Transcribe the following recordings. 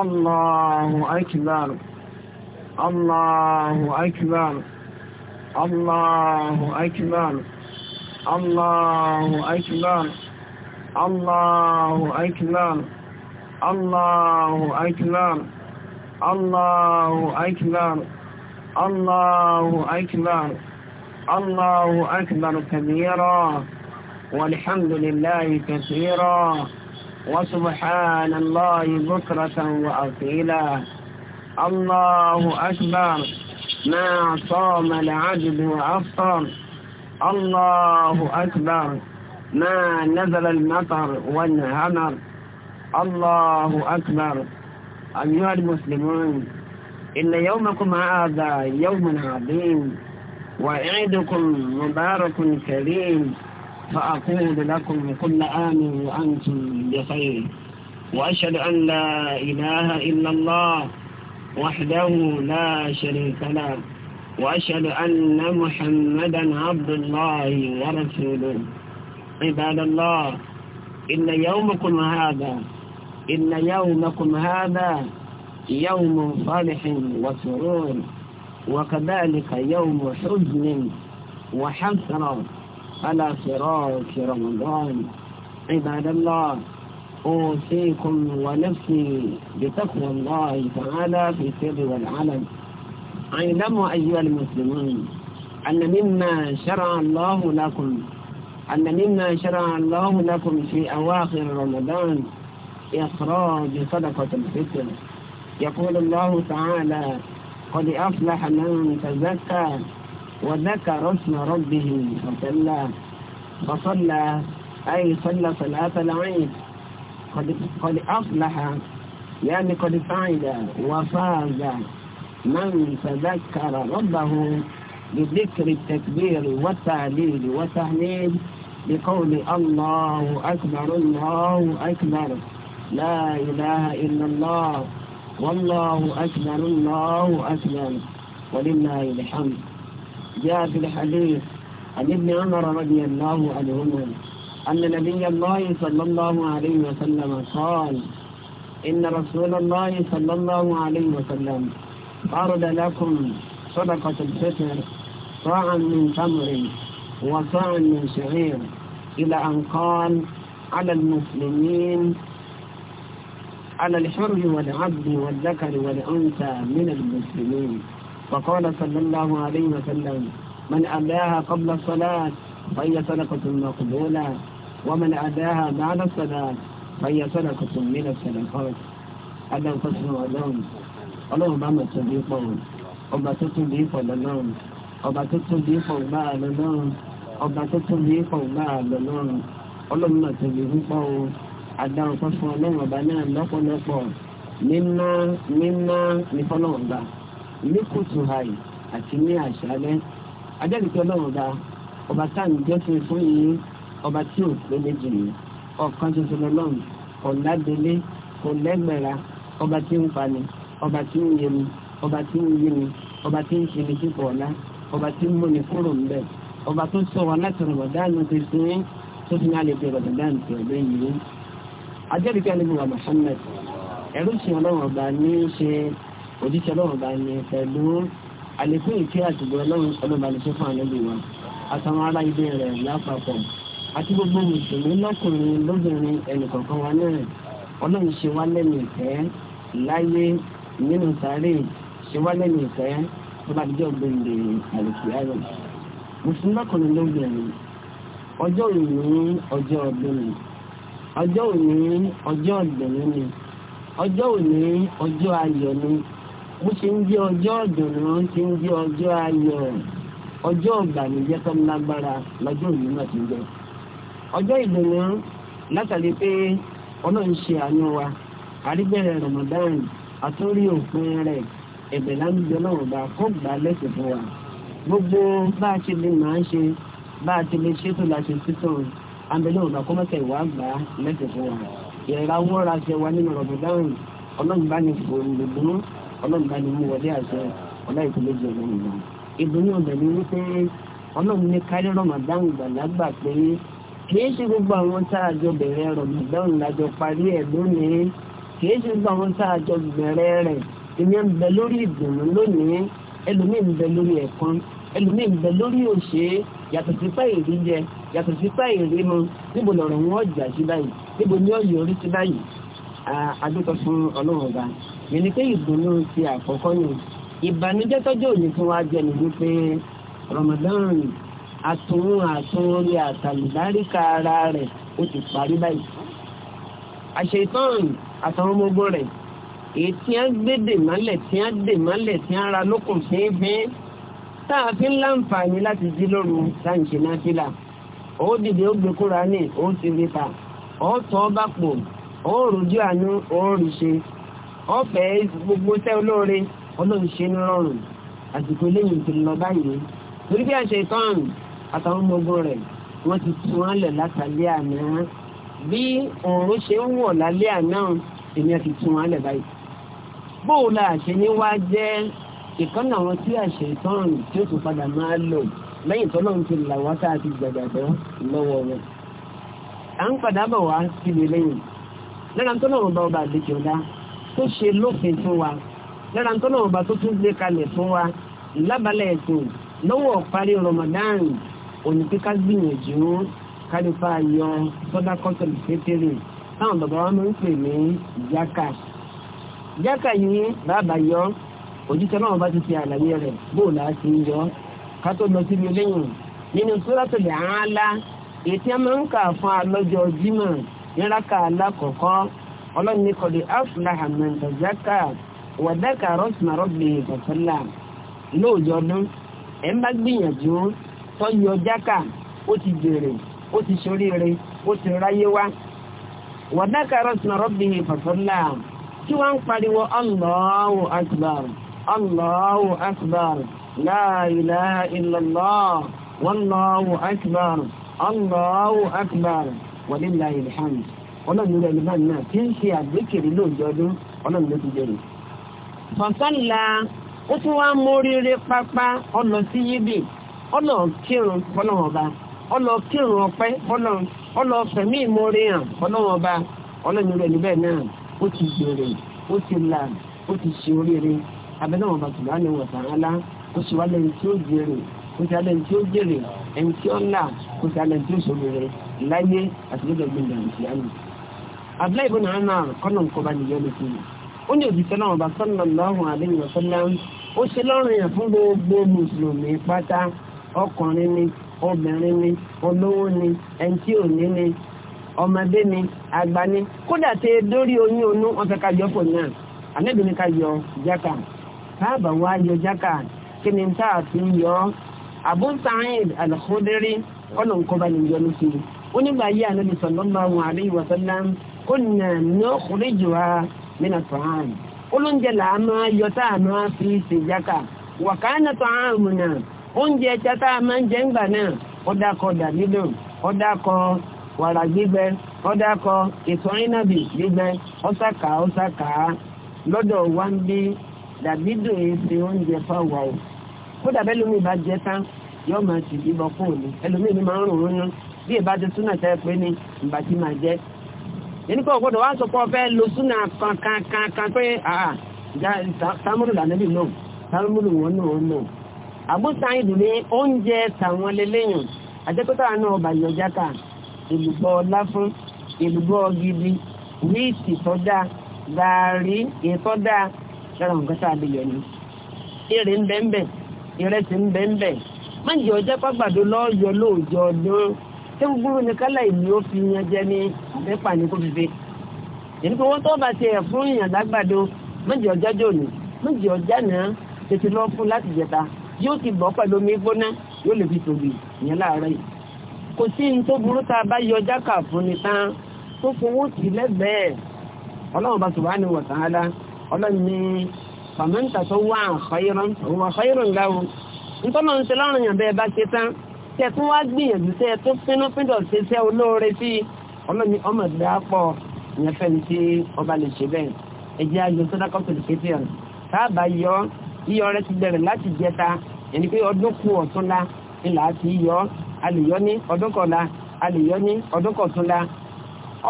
الله أكبر الله أكبر الله أكبر الله أكبر الله أكبر الله أكبر الله أكبر الله أكبر الله أكبر كبيرا والحمد لله كثيرا وسبحان الله بكرة وأصيلا الله أكبر ما صام العبد وأفطر الله أكبر ما نزل المطر وانهمر الله أكبر أيها المسلمون إن يومكم هذا يوم عظيم وعيدكم مبارك كريم فأقول لكم كل عام وأنتم بخير وأشهد أن لا إله إلا الله وحده لا شريك له وأشهد أن محمدا عبد الله ورسوله عباد الله إن يومكم هذا إن يومكم هذا يوم صالح وسرور وكذلك يوم حزن وحسرة على فراش رمضان عباد الله أوصيكم ونفسي بتقوى الله تعالى في السر والعلن اعلموا أيها المسلمون أن مما شرع الله لكم أن مما شرع الله لكم في أواخر رمضان إخراج صدقة الفطر يقول الله تعالى قد أفلح من تزكى وذكر اسم ربه فصلى فصلى أي صلى صلاة العيد قد, قد أصلح يعني قد فعل وفاز من تذكر ربه بذكر التكبير والتعليل والتهليل بقول الله أكبر الله أكبر لا إله إلا الله والله أكبر الله أكبر ولله الحمد جاء في الحديث عن ابن عمر رضي الله عنهما أن نبي الله صلى الله عليه وسلم قال إن رسول الله صلى الله عليه وسلم أرد لكم صدقة الفطر صاعا من تمر وصاعا من شعير إلى أن قال على المسلمين على الحر والعبد والذكر والأنثى من المسلمين فقال صلى الله عليه وسلم من أداها قبل الصلاة فهي صدقة مقبولة ومن أداها بعد الصلاة فهي صدقة من الصدقات أدم قسم أدم ọlọ́run bá mọ̀ tóbi pọ̀ ọba tó tóbi pọ̀ lọ́lọ́run ọba tó tóbi pọ̀ gbá lọ́lọ́run ọba tó tóbi pọ̀ gbá lọ́lọ́run ọlọ́run mọ̀ tóbi púpọ̀ o àdáhùn kan fún ọlọ́run ọba náà lọ́pọ̀lọpọ̀ mímọ́ mímọ́ nífọ́lọ́run gbà ní kùtùhàì àti ní àṣálẹ́ adẹ́rìkí ọlọ́run dá ọba táàmì jẹ́sìn fún yìí ọba tí ò pé méjì ni ọ̀kan tuntun lọ́lọ́run kò ládélé kò lẹ́gbẹ̀ra ọba tí ń pani ọba tí ń yẹmi ọba tí ń yẹmi ọba tí ń ṣẹlẹ̀ kíkọ̀ ọ̀la ọba tí ń múni kúrò ńbẹ̀ ọba tó sọ wọn láti rọ̀mọ̀dánù ti sin tó fi náà lè fi rọ̀mọ̀dánù ti ọ̀dọ́ yìí adẹ́rìkí ọlọ́run ọba Muhammad ẹ̀rú ṣe ọba ní í ṣe òjíṣẹ́ ọlọ́run bá ní pẹ̀lú àlékún ìkẹ́ àtìgbọ́ ọlọ́run ọlọ́run àlékún fún àlejò wa àtàwọn ará ilé rẹ̀ lápapọ̀ àti gbogbo mùsùlùmí lọ́kùnrin lóbìnrin ẹnìkọ̀ọ̀kan wa náà ọlọ́run ṣe wá lẹ́nu ìfẹ́ láyé nínú sáré ṣe wá lẹ́nu ìfẹ́ tó bá dijọ́ gbòǹde àlùkìyàrá mùsùlùmí lọ́kùnrin lóbìnrin ọjọ́ òní ọjọ́ ọdún ọjọ́ òní ọjọ́ ọdún ni ọjọ́ òní ọjọ́ ayọ̀ ni bó ṣe ń jẹ́ ọjọ́ ìdùnnú ló ṣe ń jẹ́ ọjọ́ ayọ̀ ọjọ́ ìgbàlejẹ́ tó lágbára lọ́jọ́ òní náà ti jẹ́ ọjọ́ ìdùnnú látàrí pé ọlọ́run ṣe àánú wa àrígbẹ̀rẹ̀ Ramadan àtúrí òpin rẹ̀ ẹ̀bẹ̀ láńgbẹ́ náà bá kó gbà lẹ́sẹ̀ fún wa gbogbo bá a ṣe lè máa ń ṣe bá a ti lè ṣe tó láti títọ̀ àbẹ̀lẹ̀ ọ̀nà kọ́mọ́tẹ̀ ìwà àgbà lẹ́sẹ̀ fún wa ìrẹ̀lá wọ́ra ṣe wa nínú Ramadan ọlọ́run bá ní fòrò lòdùnú ọlọ́run bá ní mú wọlé àṣẹ ọlá ìpínlẹ̀jì ni wípé ọlọ́run ní kárí Ramadan gbàlágbà pé kìí ṣe gbogbo àwọn tá a jọ bẹ̀rẹ̀ Ramadan lájọ parí ẹ̀ lónìí kìí ṣe gbogbo àwọn tá a jọ bẹ̀rẹ̀ rẹ̀ ìyẹn ń bẹ lórí ìdùnnú lónìí ẹlòmíì ń bẹ lórí ẹ̀kan ẹlòmíì ń bẹ lórí òṣè yàtọ̀ sí pẹ́ ìrí jẹ yàtọ̀ sí pẹ́ ìrí mu níbo lọ̀rọ̀ wọn ọjà sí báyìí níbo ni ó yọrí sí báyìí yìí ni pé ìdùnnú ti àkọ́kọ́ ni ìbànújẹ́ tọ́jú òní fún wa jẹ́ ni wípé Ramadan àtúnwò àtúnwórí àtàlùdáríkà ara rẹ̀ ó ti parí báyìí àṣetán àtàwọn ọmọ ogun rẹ̀ èyí tí a gbé dè mọ́lẹ̀ tí a dè mọ́lẹ̀ tí a ra lókùn fínfín táà fi ń láǹfààní láti jí lóru sáǹṣe náà fílà ó dìde ó gbé kúra ní ó ti ríta ó tọ́ bá pò ó rújú àánú ó rí ṣe ọ̀fẹ́ gbogbo iṣẹ́ olóore ọlọ́run ṣe ní rọrùn àsìkò eléyìí ti lọ báyìí torí bí àṣẹ tán àtàwọn ọmọ ogun rẹ̀ wọ́n ti tú wọn lẹ̀ látàlẹ́ àná bí òòrùn ṣe ń wọ̀ lálẹ́ àná èmi ti tú wọn lẹ̀ báyìí bóò la àṣẹ ní wá jẹ́ ìkànnà wọn tí àṣẹ tán tí ó tún padà máa lò lẹ́yìn tó lóun ti là wá tá a ti gbàgbàgbọ́ lọ́wọ́ rẹ̀ à ń padà bọ̀ wá síbi lẹ́yìn lọ́nà tó lóun bá ọba àdékè ọ̀dá tó ṣe lófin fún wa lára tó náà bá tó tún gbé kalẹ̀ fún wa lábàlẹ̀ ẹ̀sìn lọ́wọ́ parí Ramadan òní pé ká gbìyànjú kálífà yọ sọ́dá kọ́tọ̀lù pétérì táwọn bàbá wa máa ń pè ní yaka yaka yìí bàbá yọ òjíṣẹ́ náà bá ti fi àlàyé rẹ̀ bóòlù àti yọ ká tó lọ síbi lẹ́yìn nínú Suratul Aala ètí a máa ń kà fún alọ́jọ́ Jímọ̀ níraka alákọ̀ọ́kọ́ ọlọ́run ní kọ́lé afúláhà mẹ́tàzákà wàdákà rọ́sùmárọ́bì ìfọ̀sọ́là lóòjọ́ ọdún ẹ̀ ń bá gbìyànjú tọ́jú ọjákà ó ti jèrè ó ti ṣoríire ó ti ráyé wá wàdákà rọ́sùmárọ́bì ìfọ̀sọ́là tí wọ́n ń pariwo Allahu akbar Allahu akbar la ilaha illallah wallahu akbar Allahu akbar walillahi alhamd ọlọ́run rẹ̀ ní báyìí náà tí ń ṣe àgbékèrè lóòjọ́ ọdún ọlọ́run ló ti jẹ́rìí. fọ̀sánlá ó tún wá móríire pápá ọlọ sí yíbì ọlọ kírun fọlọ́wọ́n ọba ọlọ kírun ọpẹ́ fọlọ́wọ́n ọlọ fẹ̀mí ìmoore hàn fọlọ́wọ́n ọba ọlọ́run rẹ̀ níbẹ̀ náà ó ti gbèrè ó ti là ó ti ṣe oríire abẹ́náwọn ọba tùbá ni wọ̀ sàrálá ó ṣe wá lẹ́yìn tí ó gbèrè ó ṣe alẹ́ tí ó gbèrè ẹni tí ó là ó ṣe alẹ́ tí ó ṣòro rẹ̀ láyé àti lọ́jọ́ gbẹ̀ngàn ìṣẹ́ àná abdullahi ibn umar kọ́nà kọba nìyẹn ló fi ó ní òbí sọ́nà ọba sallallahu alaihi wasallam ó ṣe lọ́rùn yẹn fún gbogbo mùsùlùmí pátá ọkùnrin ni obìnrin ni olówó ni ẹni tí ò ní ni ọmọdé ni àgbà ni kódà tẹ dórí oyún onú wọn fẹ́ ká yọ pọ̀ náà àlẹ́bí ni ká yọ jákà káàbà wá yọ jákà kí ni tá a fi yọ Abu Sa'id al nìyẹn ló fi ó nígbà yí àlẹ́bí sallallahu alaihi wasallam kúnnà nọ́ọ̀kùnrinjùwà nínú tọ́hán olóúnjẹ làá máa yọ tá a máa fi ṣe jáka wàkánà tọ́hán mu náà oúnjẹ ẹja tá a máa ń jẹ ńgbà náà ó dákọ lọ́dọ̀ wá ń bí dàbídùn èsì oúnjẹ fáwà o kódà bẹ́ẹ̀ lómi jẹ tán máa ti bíbọ fóònù ni máa ń rò bí ìbá ti túnà tẹ́ pé ní ìbá ti máa ẹni pé ọgbọ́dọ̀ wá sọ pé kankan lo súnà kankankan pé ah, ah, tamuru lànàbì náà tamuru wọn náà náà àbúta ìdù oúnjẹ tàwọn lélẹ́yìn àjẹ́kọ́tà náà bàyọ̀ jáka èlùbọ́ láfún èlùbọ́ gidi wíìtì tọ́dá gàárì ìtọ́dá lára nǹkan tá a lè yọ ni eré ń bẹ́ńbẹ́ ìrẹsì ń bẹ́ńbẹ́ má ṣé gbúrú ni kálá ìní ó fi yan jẹ ní pépà ní kó fífi èyí pé wọ́n tó bá ti ẹ̀ fún èèyàn lágbàdo méjì ọjà jòní méjì ọjà náà tètè lọ fún láti jẹta yóò ti bọ̀ pẹ̀lú omi gbóná yóò lè fi tòbi ìyẹn láàárọ̀ yìí kò sí ní tó burú tá a bá yọ ọjà kà fún ni tán tó fowó sí lẹ́gbẹ̀ẹ́ ọlọ́run bá subhanahu wa ta'ala ọlọ́run ní pàmẹ́ntà tó wà àfáyérán òun àfáyérán láwọn nítorí wọn ń ṣe láwọn èèyàn bẹ́ẹ̀ bá ṣe tán tẹ tún wá gbìyànjú tẹ tún pínú píndọ̀ ṣe tẹ olóore sí ọlọ́ni ọmọ ìgbà pọ̀ ìyẹn fẹ́ni tí ọba lè ṣe bẹ́ẹ̀ ẹjẹ́ ayọ̀ sọ́dákọ́tò lè kéde ọ̀rọ̀ káàbà yọ yíyọ rẹ ti bẹ̀rẹ̀ láti jẹta ẹni pé ọdún kù ọ̀túnla ńlá ti yọ a lè yọ ní ọdún kọ̀la a lè yọ ní ọdún kọ̀túnla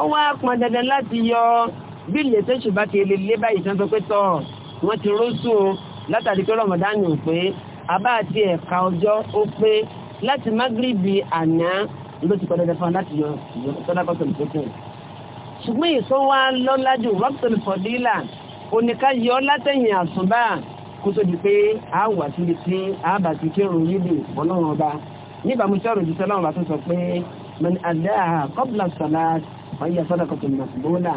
ọwọ́ apọn dandan láti yọ bí ilé tó ṣùgbọ́n ti lè lé báyìí tán tó pé tọ̀ wọ́n ti rọ́ṣù látàrí pé rọ̀mọ̀dánù láti magribi àná ló ti pẹ̀lẹ́dẹ̀ fún láti yọ sọ́dákọ́tò ìpótò ṣùgbọ́n ìsọ wa lọ́lájú rọ́pùtòlù fọ̀dílà oníká yọ látẹ̀yìn àsùnbà kó tó di pé a wà sí ibi tí a bá ti kírun yídì ọlọ́run ọba nígbà mú sọ́rọ̀ ìdíṣẹ́ ọlọ́run ọba tó sọ pé mẹ́ni àdáhà kọ́bùlà sọ̀lá ọ̀yẹ́ sọ́dákọ́tò ìmọ̀sùgbọ́nà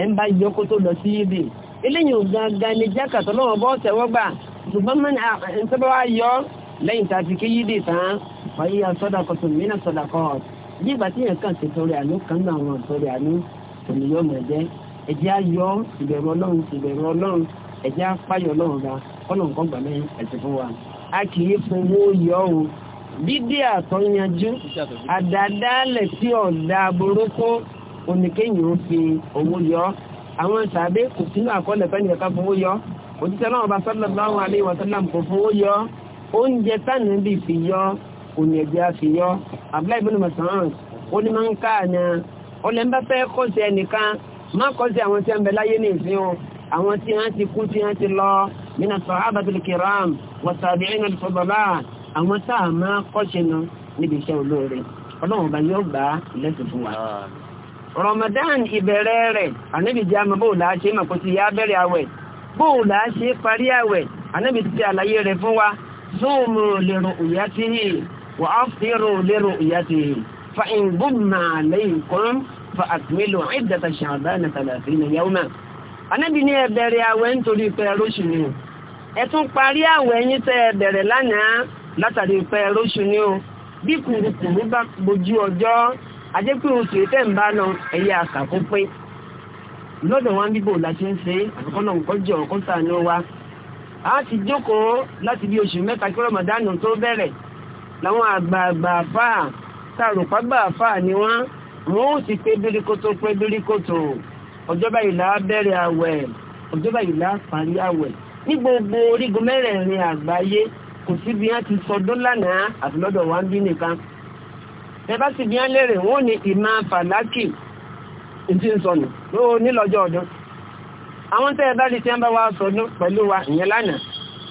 ẹ̀ ń bá yọ kó tó lọ sí yídì eléyìn gangan ni jákàtọ̀ ọlọ́run ọba ọ̀tẹ̀wọ́gbà ṣùgbọ́n mẹ́ni àtẹ́bọ́wá wáyé asọ́dàkọ̀tún mìíràn sọ̀dàkọ̀ bí ìgbà tí yẹn kàn ṣe torí àánú kan náà wọn torí àánú tòun yóò mọ̀ jẹ́ ẹ̀jẹ̀ ayọ́ ìbẹ̀rù ọlọ́run ìbẹ̀rù ọlọ́run ẹ̀jẹ̀ apáyọ̀ ọlọ́run ga kọ́lọ̀ nǹkan gbà mẹ́rin ẹ̀sìn fún wa. a kì í fowó yọ o dídí àtọ́ yanjú àdàdálẹ̀ tí ọ̀dà burúkú oníkéyìn ó fi owó yọ àwọn sàbẹ̀ kò sínú àkọọ́lẹ̀ fẹ́ni ẹ̀ka fowó yọ òtítọ́ náà bá sallallahu alaihi wasallam kò fowó yọ oúnjẹ tánà bí fi yọ òní ẹ̀jẹ̀ àfihàn abdullahi ibn Mas'ud ó ní máa ń ká àná ó lè ń bá fẹ́ kọ́ sí ẹnìkan má kọ́ sí àwọn tí wọ́n bẹ láyé ní ìsìn àwọn tí wọ́n ti kú tí wọ́n ti lọ mina sahabatul kiram wa tabi'ina al-fudala àwọn tá a máa kọ́ṣe nu níbi iṣẹ́ olóore ọlọ́run ọba yóò gbà lẹ́sìn fún wa. Ramadan ìbẹ̀rẹ̀ rẹ̀ ànábì jẹ́ àmọ́ bóòlù àṣẹ màkó ti yá bẹ̀rẹ̀ àwẹ̀ bóòlù àṣẹ parí àwẹ̀ ṣe àlàyé rẹ̀ fún wa وأفطروا لرؤيته فإن غم عليكم فأكملوا عدة شعبان ثلاثين يوما Ànábì ní ẹ bẹ̀rẹ̀ àwẹ̀ nítorí pé róṣù ni o ẹ tún parí àwẹ̀ yín tẹ́ ẹ bẹ̀rẹ̀ lánàá látàrí pé róṣù ni o bí kùrùkùrù bá bojú ọjọ́ ajẹ́pẹ́ oṣù tẹ́ ń bá lọ ẹ̀yẹ àkàkún pé lọ́dọ̀ wọn bíbò láti ń ṣe àkọ́kọ́ náà nǹkan jẹ́ wa a ti jókòó láti bí oṣù mẹ́ta kí Ramadan tó bẹ̀rẹ̀ làwọn àgbààgbà àfà tàrùpágbà àfà ni wọ́n wọ́n ó sì pé bíríkótó pé bíríkótó ọjọ́bà ìlà bẹ̀rẹ̀ àwẹ̀ ọjọ́bà ìlà parí àwẹ̀ ní gbogbo orígun mẹ́rẹ̀ẹ̀rin àgbáyé kò sí bí wọ́n ti sọdún lánàá àti lọ́dọ̀ wa ń bí nìkan ẹbá sì bí wọ́n lérè wọ́n ní ìmọ̀ fàlákì ìdí ń sọnù ló nílọ́jọ́ ọdún àwọn tẹ́ ẹbá lè ti ń bá wa sọdún pẹ̀lú wa ìyẹn lánàá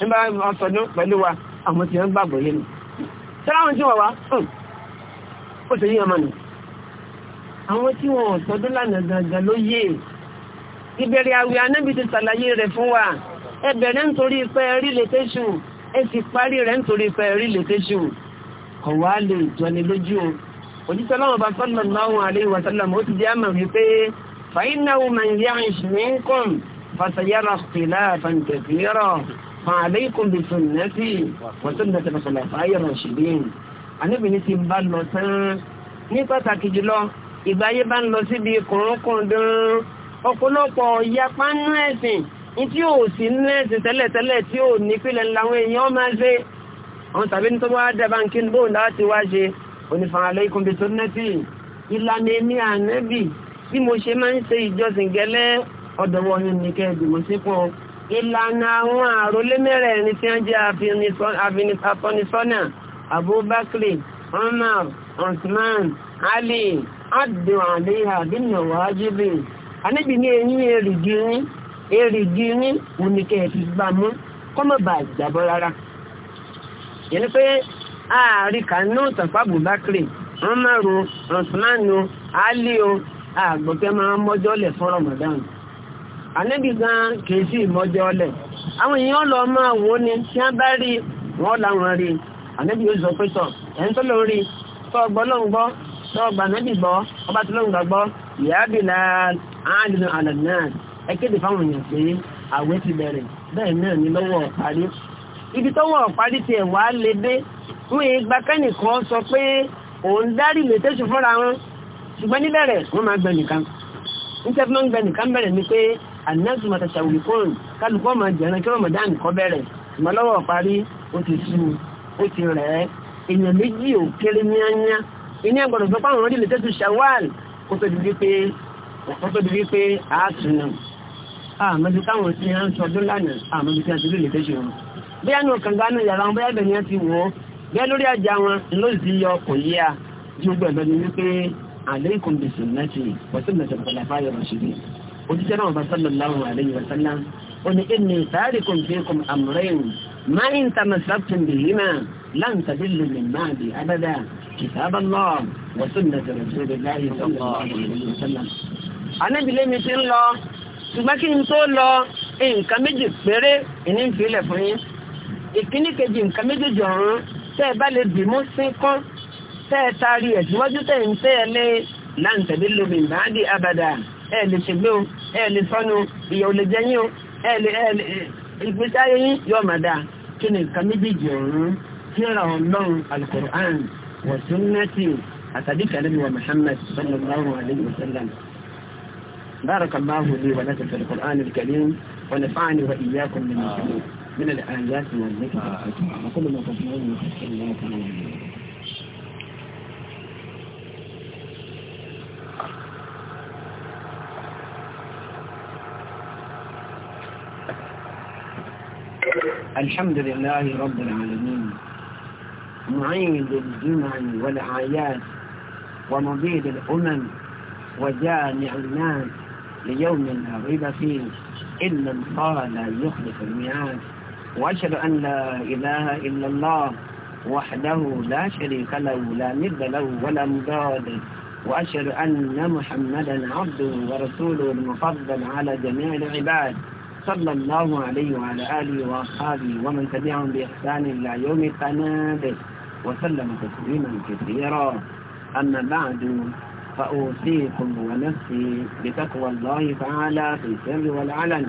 ń bá wa sọdún pẹ̀lú wa àwọn ti ń gbàgbọ́ yẹn sáwọn tí wọ́n wá hmm, ó tẹ̀ yí ọmọ nù àwọn tí wọ́n tọ́dún lánàá gangan ló yé ìbẹ̀rẹ̀ àwẹ̀ anábì ti sàlàyé rẹ̀ fún wa ẹ bẹ̀rẹ̀ nítorí pẹ́ rí lẹ́tẹ́ṣù ẹ sì parí rẹ̀ nítorí pẹ́ rí lẹ́tẹ́ṣù ọ̀wá lè jọni lójú o òjíṣẹ́ lọ́wọ́ bá sallallahu alaihi wa sallam ó ti di àmà wípé fa innahu man ya'ish minkum fasayara ikhtilafan kathira fàálẹ́kùn bí sunnati wọ́sọ̀nẹ́tì mọ̀sọ̀lẹ́fà ayọ̀rọ̀ ṣìgbìn anábìnrin ti bá lọ tán ní pàtàkì jùlọ ìgbà ayé bá ń lọ síbi kùrùnkùndùn ọ̀pọ̀lọpọ̀ yapa nú ẹ̀sìn tí ò sí nú ẹ̀sìn tẹ́lẹ̀tẹ́lẹ̀ tí ò ní pílẹ̀ làwọn èèyàn máa ṣe àwọn tàbí ní tó wá dẹ̀bá ń kí n bóun láti wá ṣe onífàálẹ́ ikùn bí sunnati ìlànà èmi ànábì tí mo ṣe máa ń ṣe ìjọsìn gẹ́lẹ́ ọ̀dọ̀wọ́ yìí nìkẹ́ ìdìmọ̀ sípò ìlànà àwọn àrólé mẹ́rẹ̀ẹ̀rin tí wọ́n jẹ́ àfinisọ́nà abubakri umar osman ali abdulhaliha bínú wájúbí aníbi ní eyín èrìgì yín èrìgì yín òníkẹ́ ti gbà mú kọ́mọ̀bà ìjàbọ̀ rárá yẹni pé ààrí kanú tàpá abubakri umar osman ali o àgbọ̀kẹ́ máa mọ́jọ́lẹ̀ fún ramadan ànábì gan kìí sí ìmọ́jẹ ọlẹ̀ àwọn èèyàn lọ máa wò ó ni tí wọ́n bá rí wọ́n láwọn rí ànábì yóò sọ pé tọ̀ ẹni tó lọ rí tọ́ ọgbọ́ lọ́hùn gbọ́ tọ́ ọgbà ànábì gbọ́ ọba tó lọ́hùn gbàgbọ́ ìyáàbì la áàdùn àlẹ́ náà ẹ kéde fáwọn èèyàn pé àwẹ̀ ti bẹ̀rẹ̀ bẹ́ẹ̀ náà ni lọ́wọ́ parí ibi tọ́wọ́ parí tiẹ̀ wá lé dé fún ìgbà kẹ́nìkan sọ pé òun dárí lè fúnra wọn ṣùgbọ́n níbẹ̀rẹ̀ wọ́n máa gbẹ nìkan níṣẹ́ tí ànáàtù màtàṣà wùlùkóòrùn kálukọ́ ma jẹ̀rán kí Ramadan kọ́ bẹ̀rẹ̀ ìmọ̀lọ́wọ́ parí ó ti sú ó ti rẹ̀ ẹ́ méjì ò kéré yányá iní ẹgbọ̀dọ̀ tó fáwọn orílẹ̀ tẹ́tù Ṣawwal kó tó di wípé kó tó di wípé àátùnà àmọ́bí táwọn tí a ń sọ ọdún lánàá àmọ́bí tí a ti lè tẹ́ṣù wọn bóyá ní ọkàn gánú yàrá wọn bóyá ẹgbẹ̀ni ti wọ́ bẹ́ẹ̀ lórí ajá wọn lóòrì sí yọ ọkọ̀ yí a ju gbẹ̀gbẹ̀ ni wípé àlékùn bìsùn náà ti pọ̀sí mẹ́sàn-án òjíṣẹ́ náà sallallahu alayhi wa sallam ó ní inni tarikum fikum amrayn ma in tamassaktum bihima lan tadillu min ba'di abada kitaballah wa sunnati rasulillahi sallallahu alayhi wa sallam. anábìlẹ̀ mi ti ń lọ ṣùgbọ́n kí n tó lọ nǹkan méjì péré ìní ń filẹ̀ fún yín ìkíní kejì nǹkan méjì jọ̀rún tẹ́ ẹ bá lè bì mú sí kán tẹ́ ẹ taari ẹ̀ síwájú tẹ́ ẹ ń tẹ́ ẹ lé láǹtẹ̀bí lómi báàdì abada ẹ lè ṣègbé o ẹ lè sọ́nu ìyà ò lè jẹ yín o ẹ lè ẹ lè ìgbésí ayé yín yóò máa dáa kí ni nǹkan méjèèjì ọ̀run tí ń ra ọlọ́run alukur'an wa sunnati àtàdíkà lẹ́nu wa muhammad sallallahu alayhi wa sallam بارك الله لي ولكم في القرآن الكريم ونفعني وإياكم من من الآيات والذكر وكل ما تسمعون من الله تعالى الحمد لله رب العالمين معيد الجمع والعيات ومبيد الأمم وجامع الناس ليوم لا ريب فيه إلا الله لا يخلف الميعاد وأشهد أن لا إله إلا الله وحده لا شريك له لا ند له ولا مضاد وأشهد أن محمدا عبده ورسوله المفضل على جميع العباد صلى الله عليه وعلى آله وأصحابه ومن تبعهم بإحسان إلى يوم التناد وسلم تسليما كثيرا أما بعد فأوصيكم ونفسي بتقوى الله تعالى في السر والعلن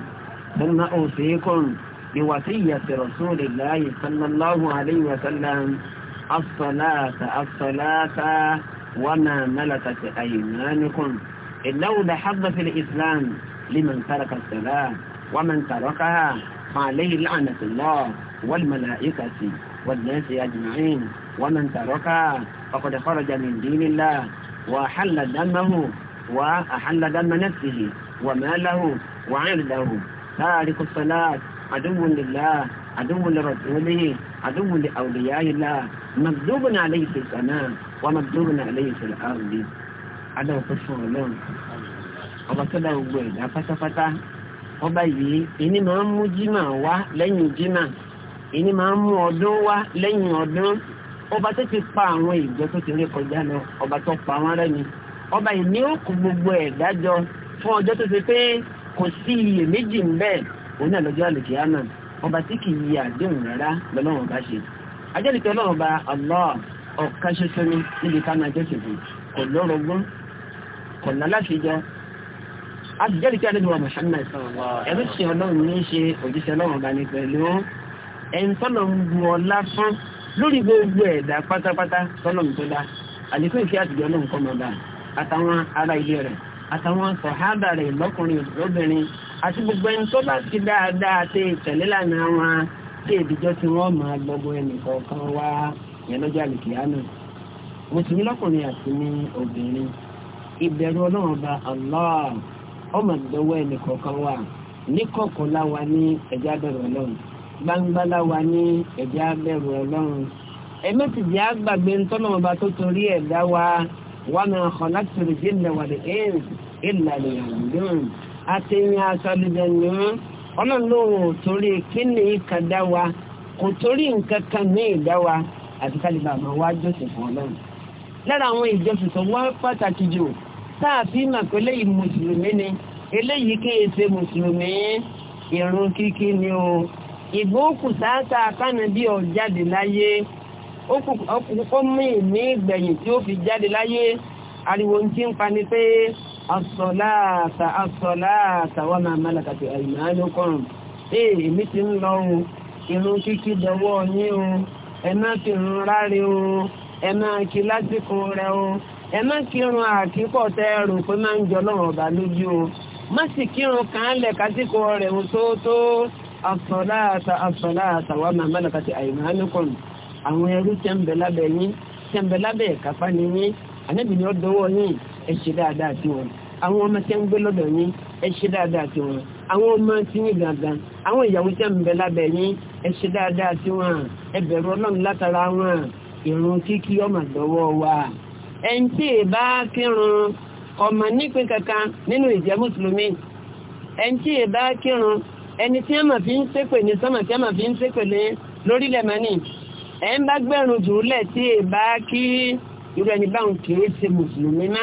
ثم أوصيكم بوصية رسول الله صلى الله عليه وسلم الصلاة الصلاة وما ملكت أيمانكم إن لولا لحظة في الإسلام لمن ترك الصلاة ومن تركها فعليه لعنة الله والملائكة والناس أجمعين ومن تركها فقد خرج من دين الله وحل دمه وأحل دم نفسه وماله وعرضه تارك الصلاة عدو لله عدو لرسوله عدو لأولياء الله مكذوب عليه في السماء ومكذوب عليه في الأرض هذا هو قصة الله أبو سلام قول ọba yìí ìní máa ń mú jimá wá lẹ́yìn jimá ìní máa ń mú ọdún wá lẹ́yìn ọdún ọba tó ti pa àwọn ìjọ tó ti rí kọjá lọ ọba tó pa wọn ọba yìí gbogbo ẹ̀ dájọ́ fún ọjọ́ tó ti pé kò sí ń bẹ́ẹ̀ ọba tí kì í àdéhùn rárá lọ́lọ́run Allah ní níbi ká àtijọ́lì kí àdéjọba Muhammad ẹ̀rọ ṣe ọlọ́run ní ṣe òjíṣẹ́ ọlọ́run bá ní pẹ̀lú ẹni tọ́lọ̀ ń bu ọlá fún lórí gbogbo ẹ̀dá pátápátá tọ́lọ̀ ń tó dá àlékún ìfẹ́ àtijọ́ ọlọ́run kọ́ mọ̀ọ́dà àtàwọn ará ilé rẹ̀ àtàwọn sọ̀hádà rẹ̀ lọ́kùnrin lóbìnrin àti gbogbo ẹni tó bá ti dáadáa tẹ ìtẹ̀lé lánàá wọn tí èdìjọ́ tí wọ́n máa gbogbo ẹnì kọ̀ọ̀kan wá yẹn lọ́jọ́ àlùkìyà náà mùsùlùmí lọ́kùnrin àti ní obìnrin ìbẹ̀rù ọlọ́run ọba Allah ọmọ ìdánwò ẹnì kọ̀ọ̀kan wà ní kọ̀kọ̀ láwa ní ẹ̀já bẹ̀rù ọlọ́run gbangba láwa ní ẹ̀já bẹ̀rù ọlọ́run ẹ̀mí ti jẹ́ àgbàgbé ntọ́nà ọba tó torí ẹ̀dá wa wà mí ọkọ̀ láti rí jí ilẹ̀ wà lè éè ìlà lè yàgbọ́n àtẹ̀yìn aṣọ́lùdẹ̀ ni ọlọ́run lóhùn torí kíni ìka dá wa kò torí nǹkan kan ní ìdá wa àti kálíbà àmọ́ wá jọ́sìn fún ọlọ́run lára àwọn ìjọsìn tó wá pàtàkì jù sáàfí màkọlẹ́ yìí mùsùlùmí ni eléyìí kéè ṣe mùsùlùmí ìrun kíkí ni o ìgbó kù sáàtà kánà bí ọ jáde láyé ó mú ìní ìgbẹ̀yìn tí ó fi jáde láyé ariwo tí ń pani pé asọ̀láàtà asọ̀láàtà wà máa málàkàtì àìmáàlókọrùn ee èmi ti ń lọrun ìrun kíkí dọwọ́ yín o ẹ má fi rún ráre o ẹ má kí lásìkò rẹ o ẹ a kírun àkíkọ̀ tẹ́ ma rò pé máa ń jọ lọ́rùn ọ̀bà lójú o má sì kírun kan le kásìkò rẹ̀ ọrụ tó tó asọ̀láàtà asọ̀láàtà wà máa má lọ́kàtì àìmánukọ̀nù àwọn ẹrú tẹ́ǹbẹ̀ lábẹ́ yín tẹ́ǹbẹ̀ dáadáa sí wọn àwọn ọmọ tẹ́ yín àwọn ìyàwó tẹ́ ń bẹ lábẹ́ yín dáadáa wọn ọlọ́run látara wọn kíkí ọmọ wa. ẹn tí è bá kírun ọmọ nípin kankan nínú ìjẹ́ mùsùlùmí ẹn tí è bá kírun ẹni tí a máa fi ń ṣépè ní sọ́mà tí a máa fi ń ṣépè ní lórílẹ̀ mẹ́ni ẹn bá gbẹ̀rún jùlẹ̀ tí è bá kí irú ẹni báhùn kìí ṣe mùsùlùmí má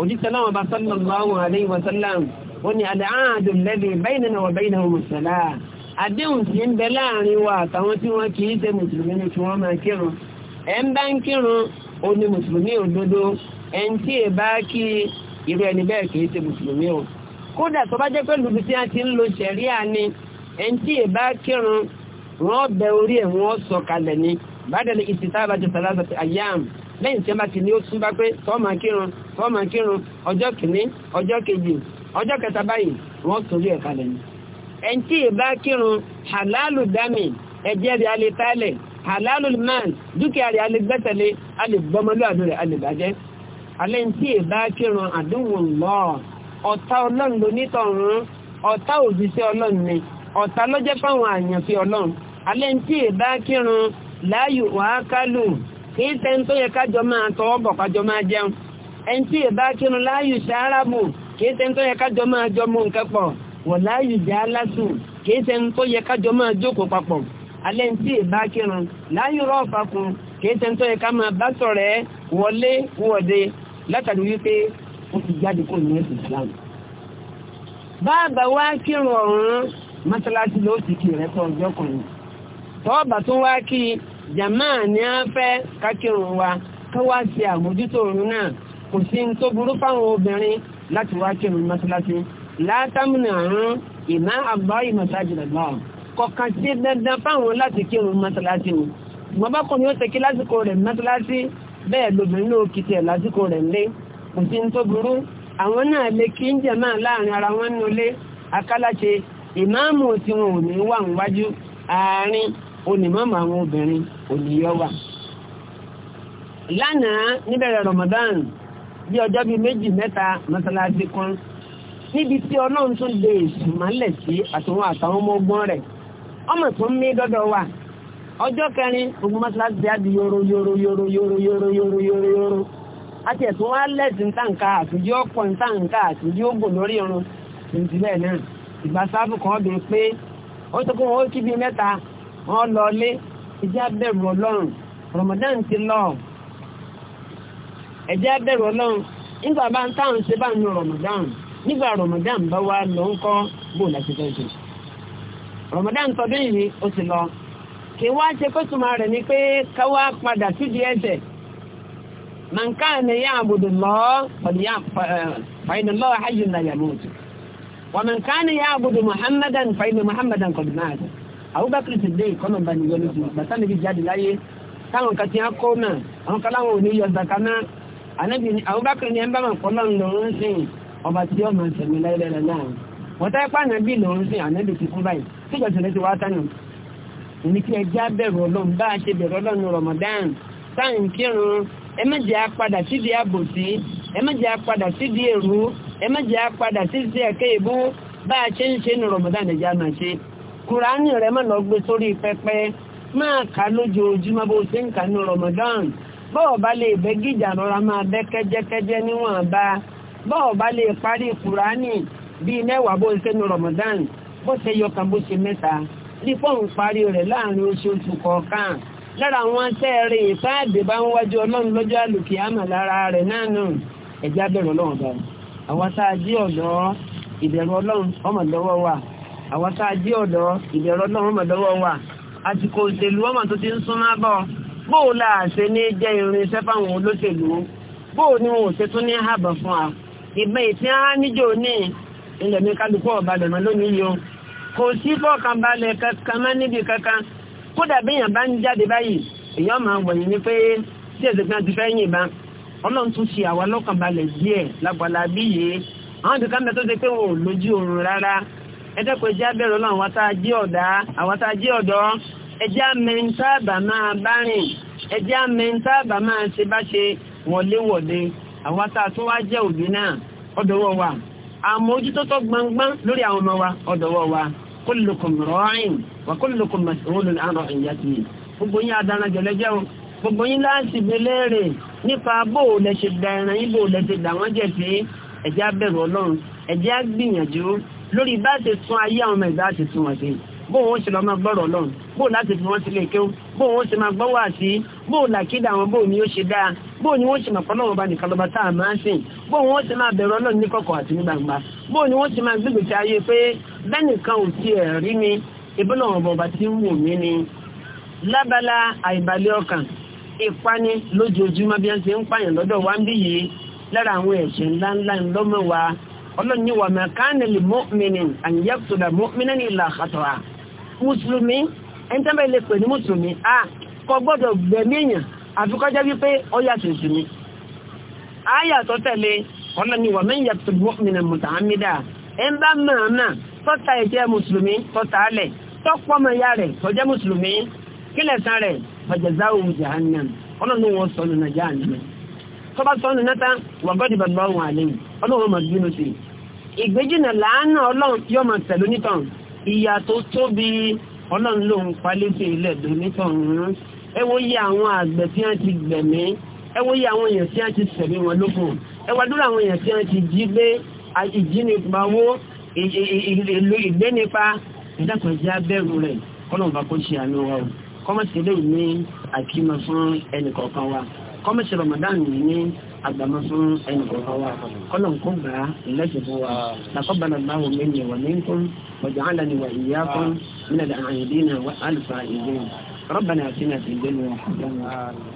òjíṣẹ́ láwọn bá sallallahu alaihi wa sallam ó ní al-ahdu alladhi baynana wa baynahum as-salah àdéhùn tí ń bẹ láàrin wa àtàwọn tí wọ́n kìí ṣe mùsùlùmí ni kí wọ́n máa kírun ẹ̀ ń bá ń kírun ó ní mùsùlùmí òdodo ẹni tí è bá kí irú ẹni bẹ́ẹ̀ kìí ṣe mùsùlùmí o kódà tó bá jẹ́ pé lùbí tí a ti ń lo ṣẹ̀ríà ni ẹni tí è bá kírun wọ́n bẹ orí ẹ̀ wọ́n sọ kalẹ̀ ni bádẹ́lẹ̀ ìsìtá bá ti sàlásà ti àyàm lẹ́yìn tí a máa ti ní ó tún bá pé tọ́ọ̀mà kírun tọ́ọ̀mà kírun ọjọ́ kìíní ọjọ́ kejì ọjọ́ kẹta báyìí wọ́n torí ẹ̀ kalẹ̀ ni ẹni tí è bá kírun hàlálù dámì ẹ̀jẹ̀ rẹ̀ alẹ́ tálẹ̀ halalul man dúkìá rẹ̀ alẹ́gbẹ́tẹ̀lé alẹ́gbọ́mọlúwàdó rẹ̀ alẹ́bàjẹ́ alẹ́ tí è bá kírun àdúnwò lọ ọ̀tá ọlọ́run ló nítọ̀run ọ̀tá òjíṣẹ́ ọlọ́run ni ọ̀tá ló jẹ́ fáwọn àyàn fi ọlọ́run alẹ́ tí è bá kírun láàyò wàákálù kì í ṣe ń tó yẹ kájọ máa tọwọ́ bọ̀ kájọ máa jẹun ẹni tí è bá alẹ́ tí ìbá kírun láyé rọ́ọ̀fà kun kìí tẹ́ tó yẹ ká máa bá sọ̀rọ̀ ẹ wọlé wọ̀de látàrí wípé ó ti jáde kó ní ẹ̀sìn Islam báàbà wá kírun ọ̀run mọ́sálásí ló ti kì rẹ́ tọ́jọ́ kan ní tọ́ọ̀bà tó wá kí jàmáà ní á fẹ́ ká kírun wa ká wá sí àmójútó òun náà kò sí ń tó burú fáwọn obìnrin láti wá kírun mọ́sálásí látàmúnà àrùn ìmá àgbáyé mọ́sájì kọ̀kan sí dandan fáwọn láti kírun mọ́sálásí wọn wọ́n bá kọ́ ni ó tẹ́kí lásìkò rẹ̀ mọ́sálásí bẹ́ẹ̀ lóbìnrin ló kìí tẹ̀ lásìkò rẹ̀ lé kò sí tó burú àwọn náà lè kí ń jẹ̀mọ́ láàrin ara wọn nínú ilé akáláṣe ìmáàmù tí wọn ò ní wà níwájú àárín onímọ̀mù àwọn obìnrin òníyọ́ wà lánàá níbẹ̀rẹ̀ Ramadan bí ọjọ́ bíi méjì mẹ́ta mọ́sálásí kan níbi tí ọlọ́run tún lè sùn mọ́lẹ̀ sí àtòun àtàwọn ọmọ ogun rẹ̀ ọmọ tó ń mí dọ́dọ̀ wà ọjọ́ kẹrin ogun mọ́sálásí bí yoro yoro yoro yoro yoro yoro yoro yoro àti ẹ̀tún lẹ́sì ń ọ̀pọ̀ ń lórí irun ìdílé náà ìgbà sáfù kan pé ó tó kún ó Ramadan ti lọ ẹ̀jẹ̀ abẹ́rù ọlọ́run nígbà bá ń táwọn ṣe bá ń lo Ramadan nígbà Ramadan bá wá lọ ń kọ́ fẹ́ Ramadan tọdún yìí ó sì lọ kí wá ṣe kó túnmọ̀ rẹ̀ ni pé káwá padà sídi ẹ̀ṣẹ̀ man kana ya'budu Allah eh, fa inna Allah hayyun la yamut wa man kana ya'budu Muhammadan fa inna Muhammadan qad mat Abubakar Siddiq kọ́nà bá ní yọlú sí bàtà níbi jáde láyé táwọn kan ti kó náà àwọn kan láwọn ò ní yọ zakana anábì Abubakar ni ẹ bá wọn kọ́lọ́ lòún sìn ọba tí ó máa ń sẹ̀mí láyé lẹ́rẹ̀ náà wọ́n tẹ́ pààyàn bí lòún sìn anábì ti kú báyìí tíjọsìn ló ti wá sánà ní kí ẹjá Ramadan táwọn kírun ẹ má jẹ́ apadà sídìí àbòsí ẹ má jẹ́ apadà sídìí èrú ẹ má jẹ́ apadà sídìí ẹ̀kẹ́ ìbú bá a ṣe ń Ramadan ẹ̀já máa ṣe kùránì rẹ má lọ gbé sórí pẹpẹ máa kà lójoojúmọ́ bó Ramadan bọ́ọ̀ bá lè bẹ́ gíjà rọra máa bẹ́ kẹ́jẹ́kẹ́jẹ́ níwọ̀n bá bọ́ọ̀ bá lè parí kùránì bíi mẹ́wàá bó ṣe ní Ramadan bó ṣe yọkàn bó ṣe mẹ́ta rí fọ́ọ̀n parí rẹ̀ láàrin oṣù oṣù kọ̀ọ̀kan lára àwọn tẹ́ẹ̀rẹ̀ ìfáàdé bá ń wájú ọlọ́run lọ́jọ́ àlùkìyàmà lára rẹ̀ náà nù ẹ̀já bẹ̀rù ọlọ́run bá àwọn tá a jí ọ̀dọ́ ìbẹ̀rù ọlọ́run ọmọdọ́wọ́ wà àwọn tá a la àṣẹ ní jẹ́ irinṣẹ́ fáwọn olóṣèlú bóò ni wọn ò ṣe tún ní ààbọ̀ fún wa ìbẹ̀ ìtí á níjò ní ilẹ̀ mi ọ̀bàdàn lónìí yìí kò sí fọ́kànbalẹ̀ kankan mọ́ níbi kankan kódà béèyàn bá ń jáde báyìí èèyàn máa wọ̀nyí ni pé tí ẹ̀sìn kan ti fẹ́ yìnbọn ọlọ́run tún ṣe àwa lọ́kànbalẹ̀ díẹ̀ lágbàlá bí yìí àwọn kankan bẹ tó ṣe pé wọn ò lójú oorun ji ẹ̀dẹ́kọ̀ ẹjẹ́ abẹ́rẹ́ ọlọ́run wa tá a jẹ́ ọ̀dá kullukum ra'in wa kullukum mas'ulun an ra'iyatihi gbogbo yín adana jẹlẹjẹ o gbogbo yín láti beléèrè nípa bó o lẹ ṣe da ẹran yín bó o lẹ ṣe dà wọ́n jẹ pé ẹ̀jẹ̀ abẹ̀rù ọlọ́run ẹ̀jẹ̀ á gbìyànjú lórí bá ṣe tún ayé àwọn ọmọ ẹ̀dá àti tún bóun ó sì lọ máa gbọ́rọ̀ lọ́n bóun láti fi wọ́n sílé kéwú bóun ó sì máa gbọ́ wá sí bóun làkídà àwọn bóun ni ó ṣe dáa bóun ni wọ́n sì máa pọ́ lọ́wọ́ bá nìkan lọ́ba tá a máa ń sìn bóun ó sì máa bẹ̀rù Ọlọ́run ní kọ̀kọ̀ àti ní gbangba bóun ni wọ́n sì máa gbégbèsè ayé pé bẹ́nìkan ò tiẹ̀ rí mi ìbọ́lọ̀wọ̀n bọ̀bà tí ń wù mí ni lábala àìbalẹ̀ ọkàn ìpani lójoojúmọ́ bí wọ́n ti ń pààyàn lọ́dọ̀ mùsùlùmí ẹni tẹ́mẹ́ lè pè ní mùsùlùmí a kò gbọ́dọ̀ gbẹ̀mí èèyàn àfikọ́jẹ́ wípé ó yà tẹ̀sù ni ayà tó tẹ̀lé ọlọ́ni wà mẹ́yìn yàtọ̀ mọ́mìnà mùtàmídà ẹ bá mọ̀ọ́mà tọ́ta ẹ̀jẹ̀ mùsùlùmí tọ́ta alẹ̀ tọ́pọ̀mọ̀ ya rẹ̀ tọ́jẹ́ mùsùlùmí kílẹ̀ san rẹ̀ bàjẹ̀zá òun jahannam ọlọ́ni wọn sọ nínú jahannam tó bá sọ nínú tán wà gọ́dì bàbá òun àlẹ́ ọlọ́run ìgbéjìnà láàánú ọlọ́run yóò máa tẹ̀lú nítàn ìyà tó tóbi ọlọ́run ló ń palétè ilẹ̀ tó nítọ̀hún ẹ wo yí àwọn àgbẹ̀ tí wọ́n ti gbẹ̀mí ẹ wo yí àwọn èèyàn tí wọ́n ti sẹ̀mí wọn lóko ẹ wá dúró àwọn èèyàn tí wọ́n ti jí gbé ìjínipa owó ìlú ìgbénipa ìdákọ̀já bẹ̀rù rẹ̀ kọ́nà bá kó ṣe àánú wa o kọ́mọ̀sí lè ní àkímọ̀ fún ẹnìkọ̀ọ̀kan wa kọ́mọ̀sí Ramadan yìí ní àgbàmọ́sún ẹnì kọ̀ọ̀kan wa kọ́nà ń kún هو تقبل الله مني ومنكم وجعلني وإياكم من minkum waj'alani ربنا اتنا في الدنيا حسنه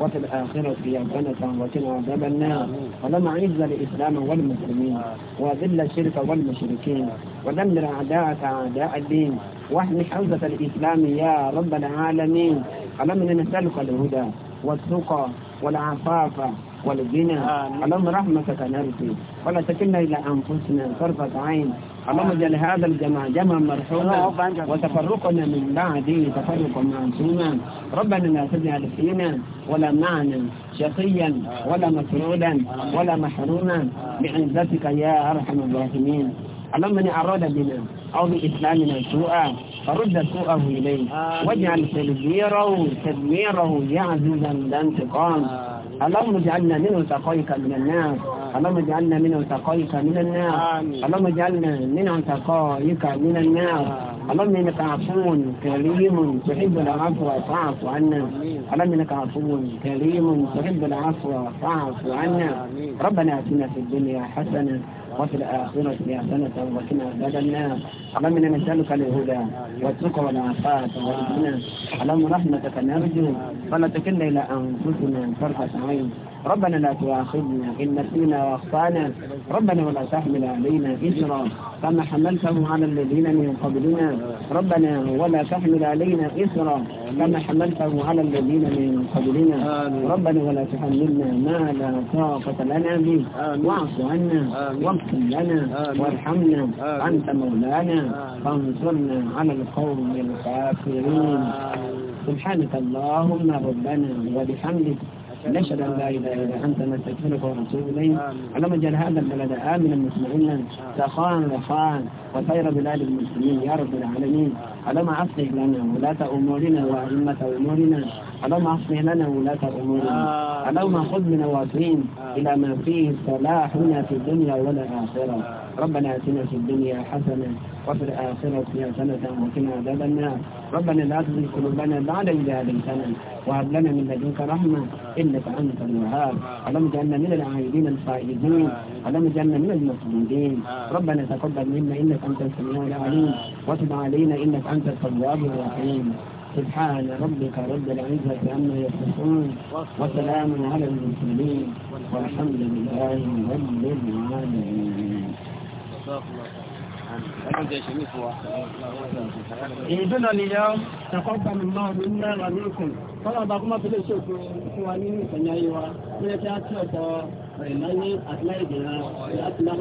وفي الاخره يا حسنه وقنا عذاب النار اللهم اعز الاسلام والمسلمين واذل الشرك والمشركين ودمر اعداءك اعداء الدين واحمي حوزه الاسلام يا رب العالمين اللهم نسالك الهدى والتقى والعفاف والجنى اللهم رحمتك نرجو ولا تكلنا إلى أنفسنا طرفة عين اللهم اجعل هذا الجمع جمع مرحوما وتفرقنا من بعده تفرقا معصوما ربنا لا تجعل فينا ولا معنا شقيا ولا مسرودا ولا محروما بعزتك يا أرحم الراحمين اللهم من أراد بنا أو بإسلامنا سوءا فرد سوءه إليه واجعل تدبيره تدميره يا عزيزا لا انتقام اللهم اجعلنا منه تقيك من الناس اللهم اجعلنا من عتقائك من النار اللهم اجعلنا من تقايك من النار اللهم انك عفو كريم تحب العفو فاعف عنا اللهم انك عفو كريم تحب العفو فاعف عنا ربنا اتنا في الدنيا حسنه وفي الآخرة حسنة سنة وكنا النار اللهم إنا نسألك الهدى والتقى والعفاف والغنى اللهم رحمتك نرجو فلا تكلنا إلى أنفسنا فرحة عين ربنا لا تؤاخذنا إن نسينا وأخطأنا ربنا ولا تحمل علينا إجرا كما حملته على الذين من قبلنا ربنا ولا تحمل علينا إسرا كما حملته على الذين من قبلنا ربنا ولا تحملنا ما لا طاقة لنا به واعف عنا واغفر لنا وارحمنا أنت مولانا فانصرنا على القوم الكافرين سبحانك اللهم ربنا وبحمدك نشهد أن لا إله إلا أنت نستغفرك ونتوب إليك اللهم اجعل هذا البلد آمنا مطمئنا سخاء رخاء وخير بلاد المسلمين يا رب العالمين اللهم أصلح لنا ولاة أمورنا وأئمة أمورنا اللهم أصلح لنا ولاة أمورنا اللهم خذ من واصلين إلى ما فيه صلاحنا في الدنيا والآخرة ربنا اتنا في الدنيا حسنة وفي الآخرة حسنة وقنا عذاب النار ربنا لا تزغ قلوبنا بعد إذ هديتنا وهب لنا من لدنك رحمة إنك أنت الوهاب اللهم اجعلنا من العائدين الفائزين اللهم اجعلنا من المسجدين ربنا تقبل منا إنك أنت السميع العليم وتب علينا إنك أنت التواب الرحيم سبحان ربك رب العزة عما يصفون وسلام على المرسلين والحمد لله رب العالمين ìdúnà nìyà ẹ̀kọ́ gbàmì máa ní ẹ̀rọ amẹ́kùn kọ́lọ̀ ọba kọ́mọ́ fílẹ̀ ṣe òkú fún wa nínú ìsẹ̀yà yíwa ní ẹ̀kẹ́